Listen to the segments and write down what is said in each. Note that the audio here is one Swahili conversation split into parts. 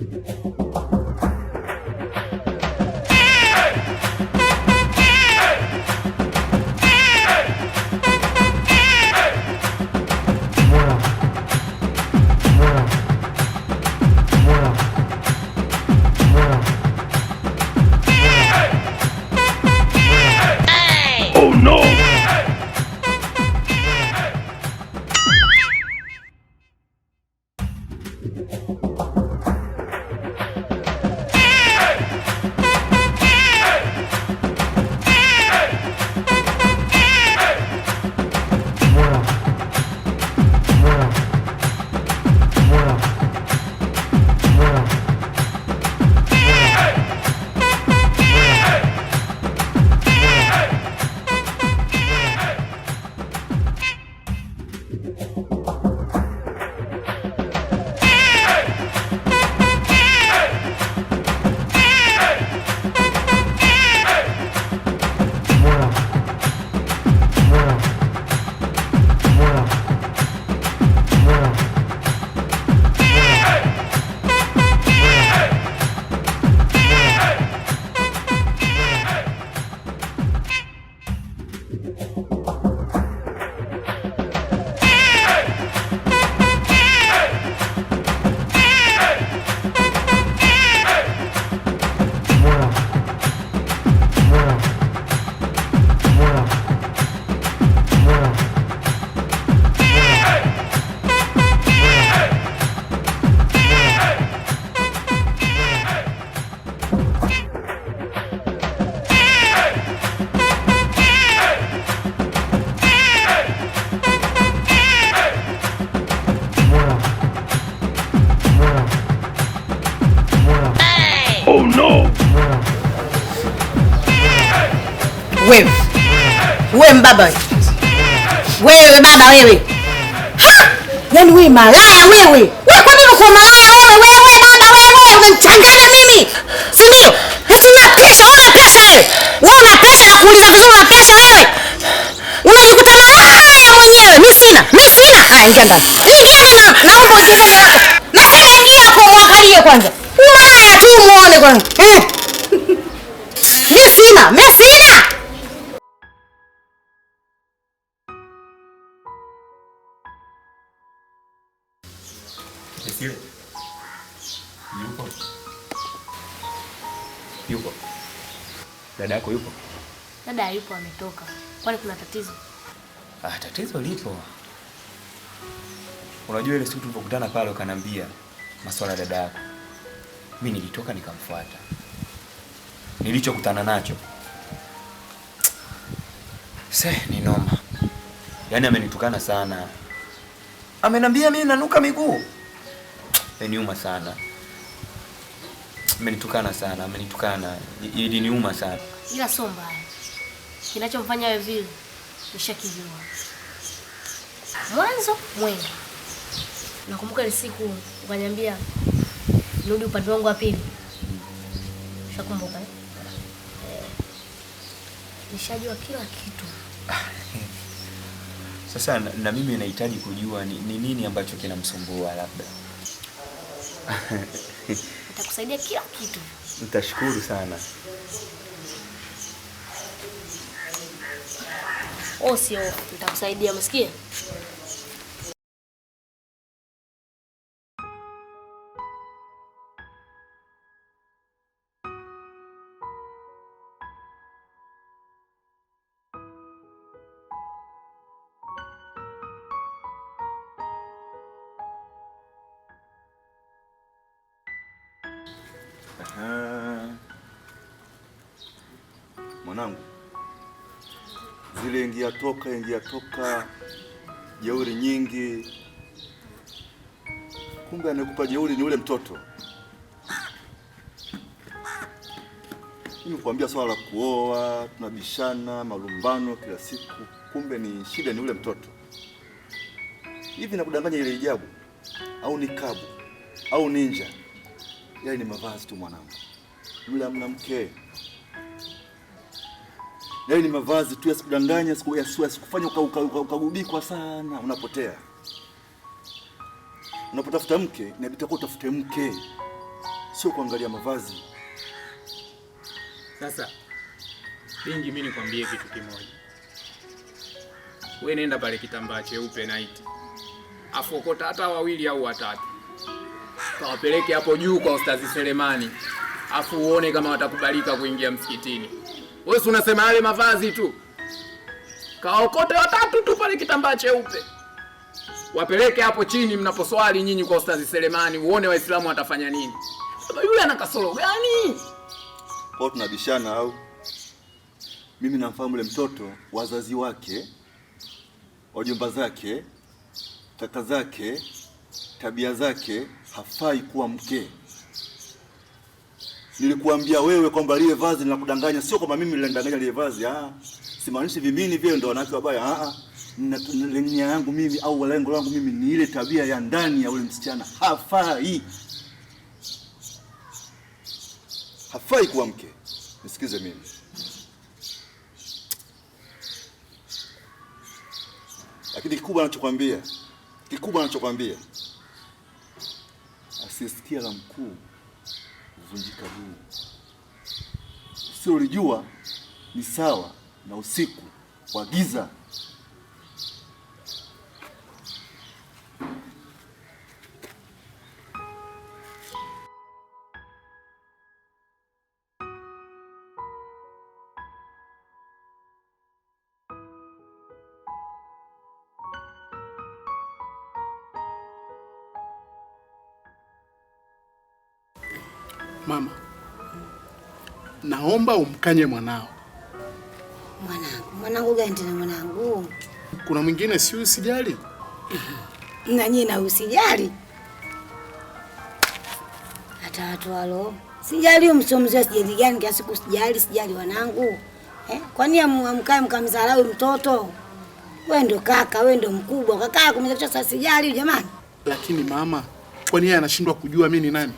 Thank you. wewe mbaba wewe. Wewe baba wewe. Yaani wewe malaya wewe. Wewe kwa nini uko malaya wewe? Wewe baba wewe unanichanganya mimi. Si ndio? Eti yaani una pesa, una pesa wewe. Wewe una pesa ya kuuliza kwa una pesa wewe. Unajikuta malaya wewe mwenyewe. Mimi sina, mimi sina. Ah, ingia ndani. Ingia ndani. Naomba usikize. Na ingia kwa mwangalie kwanza. Malaya tu muone kwanza. Eh. cierto. Yupo? Yupo. Dada yako yupo? Dada yupo, ametoka. Kwani kuna tatizo? Ah, tatizo lipo. Unajua ile siku tulipokutana pale ukaniambia masuala ya dada yako. Mimi nilitoka nikamfuata. Nilichokutana nacho se ni noma. Yaani amenitukana sana. Amenambia mimi nanuka miguu. Eh, nyuma sana, amenitukana sana, amenitukana iliniuma sana, ila sio mbaya. Kinachomfanya wewe vile nishakijua mwanzo mwenye. Nakumbuka ile siku ukaniambia nirudi upande wangu wa pili, shakumbuka eh? eh? Nishajua kila kitu sasa na, na mimi nahitaji kujua ni nini ambacho kinamsumbua labda nitakusaidia kila kitu. Nitashukuru sana. Oh, sio, nitakusaidia, msikie. Mwanangu, zile ingia toka ingia toka jeuri nyingi, kumbe anakupa jeuri ni ule mtoto. Mimi kuambia swala la kuoa, tunabishana malumbano kila siku, kumbe ni shida ni ule mtoto. Hivi nakudanganya ile hijabu au ni kabu au ninja yale yaani ni mavazi tu mwanangu, yule amna mke. Yale yaani ni mavazi tu, yasikudanganya, yasikufanya ukagubikwa sana, unapotea. Unapotafuta mke inabidi utafute mke, sio kuangalia mavazi. Sasa Bingi, mimi nikwambie kitu kimoja, we nenda pale kitambaa cheupe naiti, afokota hata wawili au watatu kawapeleke hapo juu kwa ustazi Selemani, afu uone kama watakubalika kuingia msikitini. Wewe unasema yale mavazi tu, kaokote watatu tu pale kitambaa cheupe, wapeleke hapo chini mnaposwali nyinyi kwa ustazi Selemani, uone waislamu watafanya nini. Sasa yule ana kasoro gani? Kwa tunabishana au? Mimi namfahamu yule mtoto, wazazi wake, wajumba zake, kaka zake, tabia zake hafai kuwa mke. Nilikuambia wewe kwamba lile vazi linakudanganya, sio kwamba mimi nilidanganya lile vazi. Ah, simaanishi vimini vile ndio wanawake wabaya. Ah, ah. nia yangu mimi au lengo langu mimi ni ile tabia ya ndani ya ule msichana. Hafai, hafai kuwa mke. Nisikize mimi lakini kikubwa anachokwambia, kikubwa anachokwambia asiyesikia la mkuu huvunjika guu. Usilolijua ni sawa na usiku wa giza. mama, naomba umkanye mwanao. Mwanangu? Mwanangu gani tena mwanangu? Kuna mwingine, si usijali na nyie na usijali, hata watu walo sijali, umsomzia sijali gani kiasi kusijali, sijali wanangu eh? Kwani amkae mkamdharau mtoto? We ndo kaka, we ndo mkubwa, kakaa kumsha sijali jamani. Lakini mama, kwani yeye anashindwa kujua mimi ni nani?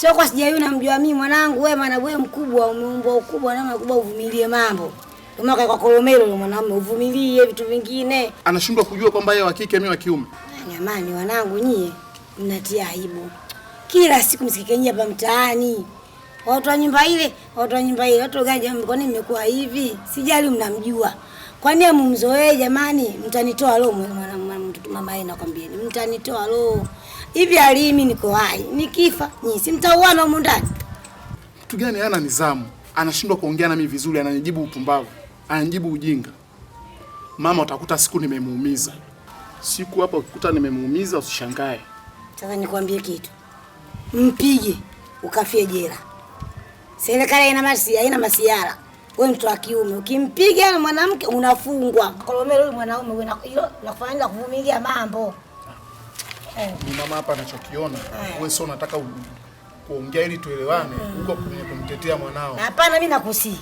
Sio kwa sijui unamjua mimi mwanangu, wewe maana wewe mkubwa, umeumbwa ukubwa na mkubwa, uvumilie mambo. Umaka kwa kolomelo yule mwanamume, uvumilie vitu vingine. Anashindwa kujua kwamba yeye wa kike mimi wa kiume. Jamani yaani wanangu, nyie mnatia aibu. Kila siku msikikenyia hapa mtaani. Watu wa nyumba ile, watu wa nyumba ile, watu gani jamani, kwa nini mmekuwa hivi? Sijali mnamjua. Kwa nini mumzoee jamani? Mtanitoa roho mwanamume, mtu mama yeye nakwambieni. Mtanitoa roho hivi alimi niko hai, nikifa nyinyi si mtauana humu ndani? Mtu gani hana nidhamu, anashindwa kuongea nami vizuri, ananijibu upumbavu, ananijibu ujinga. Mama, utakuta siku nimemuumiza, siku hapa ukikuta nimemuumiza usishangae. Sasa nikwambie kitu, mpige ukafie jela. Serikali ina masi, haina masiara. Wewe mtu wa kiume ukimpiga mwanamke unafungwa. Kolomelo, mwanaume wewe na nakufanya kuvumilia mambo Eh. ni mama hapa anachokiona. Eh. Wewe sio unataka kuongea ili tuelewane, mm. uko kwenye kumtetea mwanao. Hapana, mimi nakusii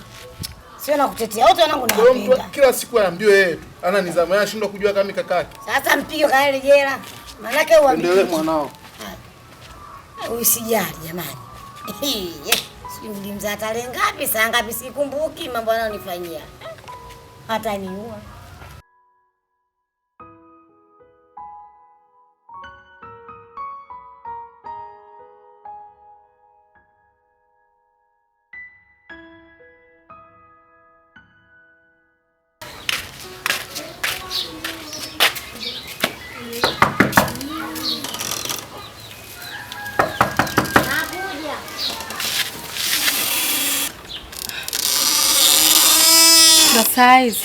Sio na kutetea. Wote wanangu na mtu Kila siku anaambiwa yeye tu. Ana nizamu yeye ashindwa kujua kama kakake. Sasa mpige kaele jela. Maana yake huwa ndio mwanao. Ah. Ah, Usijali jamani. Sijui mzaa tarehe ngapi, saa ngapi sikumbuki, mambo anayonifanyia. Ah, Hata niua. Saizi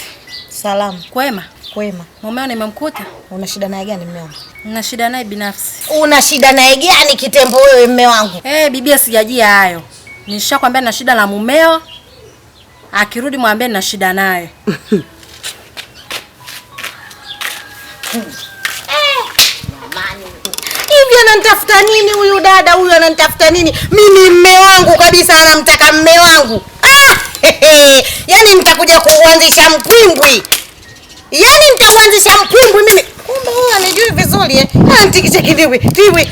salamu. Kwema? Kwema. Mumeo nimemkuta. Una shida naye gani mume wangu? Una shida naye binafsi. Una shida naye gani kitembo wewe mume wangu? Eh, bibia sijajia hayo. Nishakwambia na shida na mumeo, akirudi mwambie na shida naye Hivi ananitafuta nini huyu dada huyu, ananitafuta nini mimi? Mme wangu kabisa, anamtaka mme wangu ah! Yaani mtakuja kuuanzisha mkwimbwi, yani mtauanzisha mkwimbwi mimi. Kumbe huyu anijui vizuri eh, kidiwi tiwi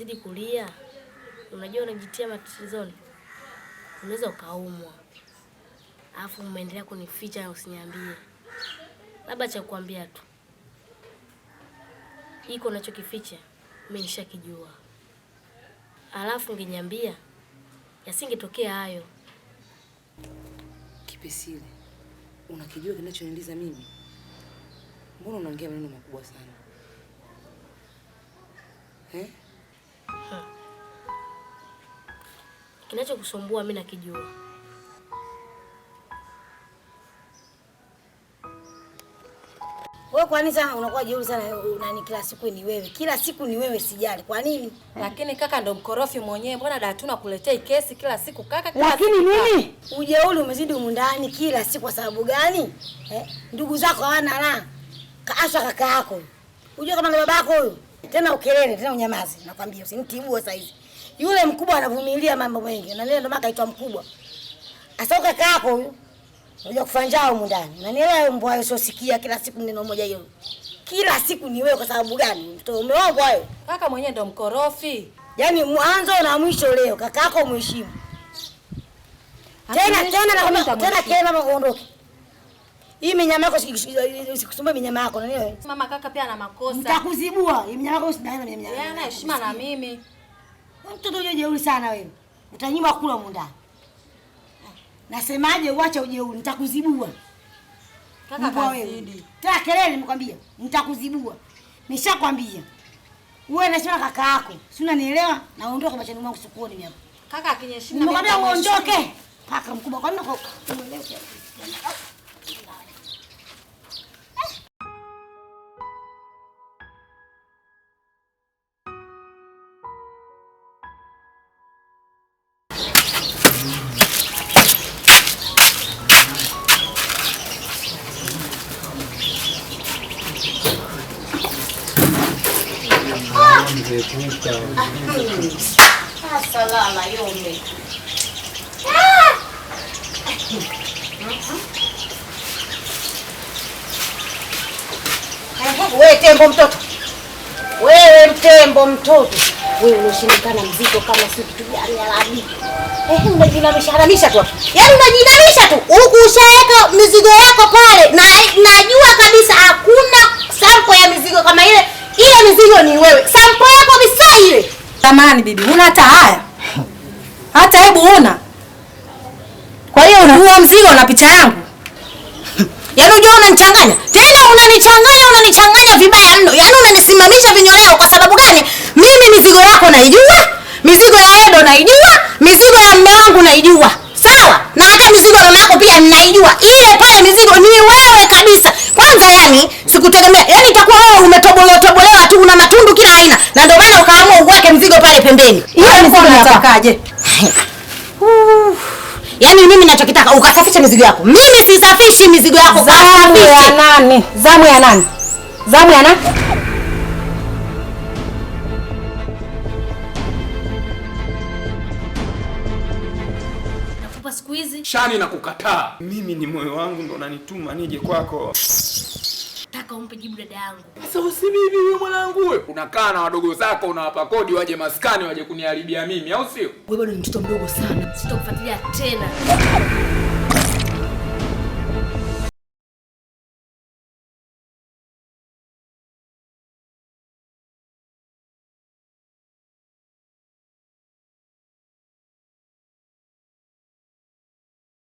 unazidi kulia, unajua unajitia matatizoni, unaweza ukaumwa, alafu umeendelea kunificha usiniambie. Labda cha kuambia tu iko unachokificha mimi nishakijua, alafu ungeniambia yasingetokea hayo. Kipesile, unakijua kinachoniuliza mimi? Mbona unaongea maneno makubwa sana eh? Kinachokusumbua mimi nakijua. Wewe kwa nini sana unakuwa jeuri sana nani? Kila siku ni wewe, kila siku ni wewe, sijali kwa nini. Lakini kaka ndo mkorofi mwenyewe, mbona datuna kuletea kesi kila siku kaka? Kila lakini siku nini ujeuri umezidi humu ndani kila siku. Kwa sababu gani eh? Ndugu zako hawana raha, kaaswa kaka yako, unajua kama ni babako huyo tena ukelele tena unyamaze, nakwambia usinitibue sasa hivi. Yule mkubwa anavumilia mambo mengi, na nile ndo maana kaitwa mkubwa. Asoka kaka yako huyo unajua kufanjao huko ndani, na hayo mbwa hayo, sio sikia kila siku neno moja hiyo, kila siku ni wewe. Kwa sababu gani? Mtoto umeongo hayo, kaka mwenyewe ndo mkorofi, yaani mwanzo na mwisho. Leo kaka yako mheshimu tena tena, na tena tena, uondoke hii minyama yako sikusumbua minyama yako. nani wewe? Mama kaka pia ana makosa. Nitakuzibua. Hii minyama yako usidai na minyama. Yeye ana heshima na mimi. Wewe Mtoto yule jeuri sana wewe. Utanyima kula munda. Nasemaje uache ujeuri, nitakuzibua. Kaka kazidi. Tena kelele nimekwambia, nitakuzibua. Nishakwambia. Wewe unasema kaka yako. Si unanielewa? Naondoka kwa machani mwangu sokoni mimi hapa. Kaka akinyeshima. Nimekwambia uondoke. Paka mkubwa kwa nini unaelewa? Sasa tembo mtoto, wewe mtembo mtoto, wewe unashindikana mzito kama si kitu gani? Alabi unajinamisha tu, yaani unajinamisha tu huku, ushaweka mizigo yako pale, na najua kabisa hakuna sampo ya mizigo kama ile ile mizigo ni wewe. Sampo yako bisa ile. Tamani bibi, una hata haya. Hata hebu una. Kwa hiyo una huo mzigo na picha yangu. Yaani unajua unanichanganya. Tena yaani unanichanganya, unanichanganya vibaya mno. Yaani unanisimamisha vinyoleo kwa sababu gani? Mimi mizigo yako naijua, mizigo ya Edo naijua, mizigo ya mume wangu naijua. Sawa? Na hata mizigo ya mama yako pia ninaijua. Ile pale mizigo ni wewe kabisa. Kwanza yani sikutegemea. Yaani itakuwa wewe umetobolewa tobolo na ndio maana ukaamua uweke mzigo pale pembeni. Hiyo mzigo natakaje? Yaani mimi ninachokitaka ukasafisha mizigo yako. Mimi sisafishi mizigo yako. Zamu ya nani? Zamu ya nani? Zamu ya nani? Shani na kukataa. Mimi ni moyo wangu ndo unanituma nije kwako nataka umpe jibu dada yangu. Sasa usibibi wewe mwanangu wewe. Unakaa na wadogo zako unawapa kodi waje maskani waje kuniharibia mimi au sio? Wewe bado ni mtoto mdogo sana. Sitokufuatilia tena.